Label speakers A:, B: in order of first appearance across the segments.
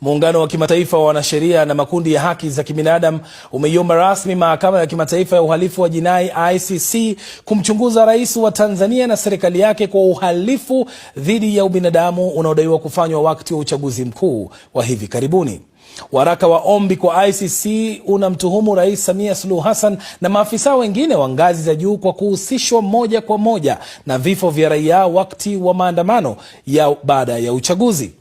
A: Muungano wa kimataifa wa wanasheria na makundi ya haki za kibinadamu umeiomba rasmi mahakama ya kimataifa ya uhalifu wa jinai ICC kumchunguza rais wa Tanzania na serikali yake kwa uhalifu dhidi ya ubinadamu unaodaiwa kufanywa wakati wa uchaguzi mkuu wa hivi karibuni. Waraka wa ombi kwa ICC unamtuhumu Rais Samia Suluhu Hassan na maafisa wengine wa ngazi za juu kwa kuhusishwa moja kwa moja na vifo vya raia wakati wa maandamano ya baada ya uchaguzi.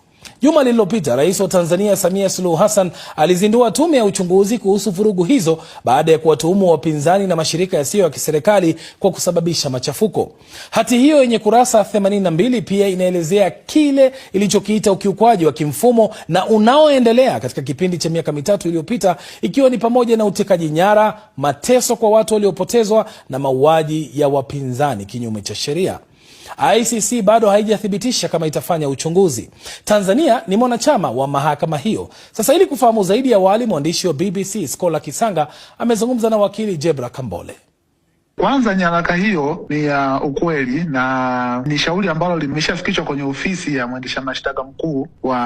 A: Juma lililopita Rais wa Tanzania Samia Suluhu Hassan alizindua tume ya uchunguzi kuhusu vurugu hizo baada ya kuwatuhumu wapinzani na mashirika yasiyo ya kiserikali kwa kusababisha machafuko. Hati hiyo yenye kurasa 82 pia inaelezea kile ilichokiita ukiukwaji wa kimfumo na unaoendelea katika kipindi cha miaka mitatu iliyopita, ikiwa ni pamoja na utekaji nyara, mateso kwa watu waliopotezwa na mauaji ya wapinzani kinyume cha sheria. ICC bado haijathibitisha kama itafanya uchunguzi. Tanzania ni mwanachama wa mahakama hiyo. Sasa ili kufahamu zaidi ya awali, mwandishi wa BBC Scola Kisanga amezungumza na wakili Jebra Kambole.
B: Kwanza nyaraka hiyo ni ya uh, ukweli na ni shauri ambalo limeshafikishwa kwenye ofisi ya mwendesha mashtaka mkuu wa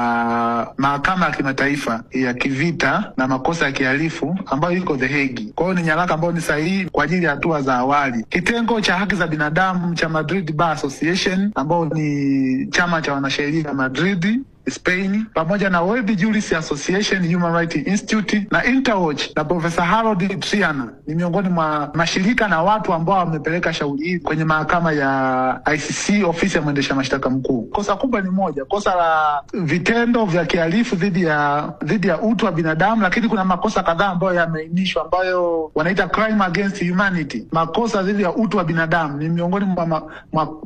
B: mahakama ya kimataifa ya kivita na makosa ya kihalifu ambayo iko The Hague. Kwa hiyo ni nyaraka ambayo ni sahihi kwa ajili ya hatua za awali. Kitengo cha haki za binadamu cha Madrid Bar Association ambao ni chama cha wanasheria Madrid Spain pamoja na World Jurist Association Human Rights Institute na Interwatch na Profesa Harold Triana ni miongoni mwa mashirika na watu ambao wamepeleka shauri hili kwenye mahakama ya ICC, ofisi ya mwendesha mashtaka mkuu. Kosa kubwa ni moja, kosa la vitendo vya kihalifu dhidi ya dhidi ya utu wa binadamu, lakini kuna makosa kadhaa ambayo yameainishwa ambayo wanaita crime against humanity. Makosa dhidi ya utu wa binadamu ni miongoni mwa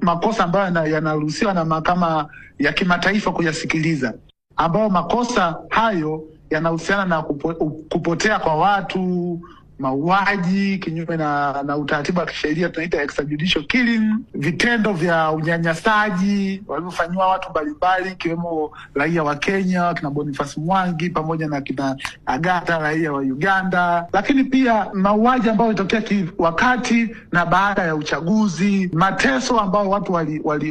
B: makosa ambayo yanaruhusiwa na mahakama ya kimataifa kuyasikiliza kuambukiza ambao makosa hayo yanahusiana na kupo, kupotea kwa watu mauaji kinyume na, na utaratibu wa kisheria tunaita extrajudicial killing, vitendo vya unyanyasaji walivyofanyiwa watu mbalimbali ikiwemo raia wa Kenya kina Boniface Mwangi pamoja na kina Agata raia wa Uganda, lakini pia mauaji ambayo yalitokea wakati na baada ya uchaguzi, mateso ambao watu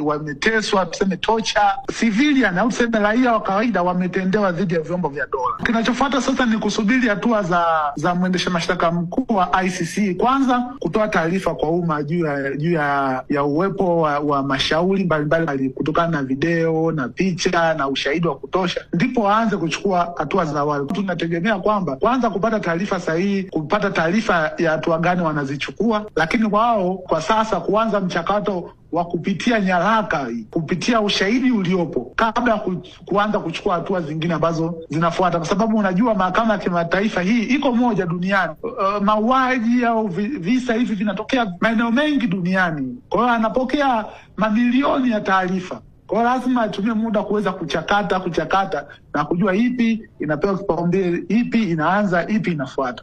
B: wameteswa, tuseme tocha civilian au tuseme raia wa kawaida wametendewa dhidi ya vyombo vya dola. Kinachofuata sasa ni kusubiri hatua za, za mwendesha mashtaka mkuu wa ICC kwanza kutoa taarifa kwa umma juu ya juu ya, ya uwepo wa, wa mashauri mbalimbali kutokana na video na picha na ushahidi wa kutosha, ndipo waanze kuchukua hatua za awali. Tunategemea kwamba kwanza kupata taarifa sahihi, kupata taarifa ya hatua gani wanazichukua, lakini wao kwa sasa kuanza mchakato wa kupitia nyaraka, kupitia ushahidi uliopo kabla ya kuanza kuchukua hatua zingine ambazo zinafuata, kwa sababu unajua mahakama ya kimataifa hii iko moja duniani. Uh, uh mauaji au visa hivi vinatokea maeneo mengi duniani, kwa hiyo anapokea mamilioni ya taarifa kwa lazima atumie muda kuweza kuchakata kuchakata na kujua ipi inapewa kipaumbele, ipi inaanza, ipi inafuata.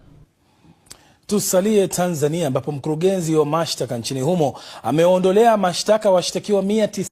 A: Tusalie Tanzania ambapo mkurugenzi wa mashtaka nchini humo ameondolea mashtaka washtakiwa mia tisa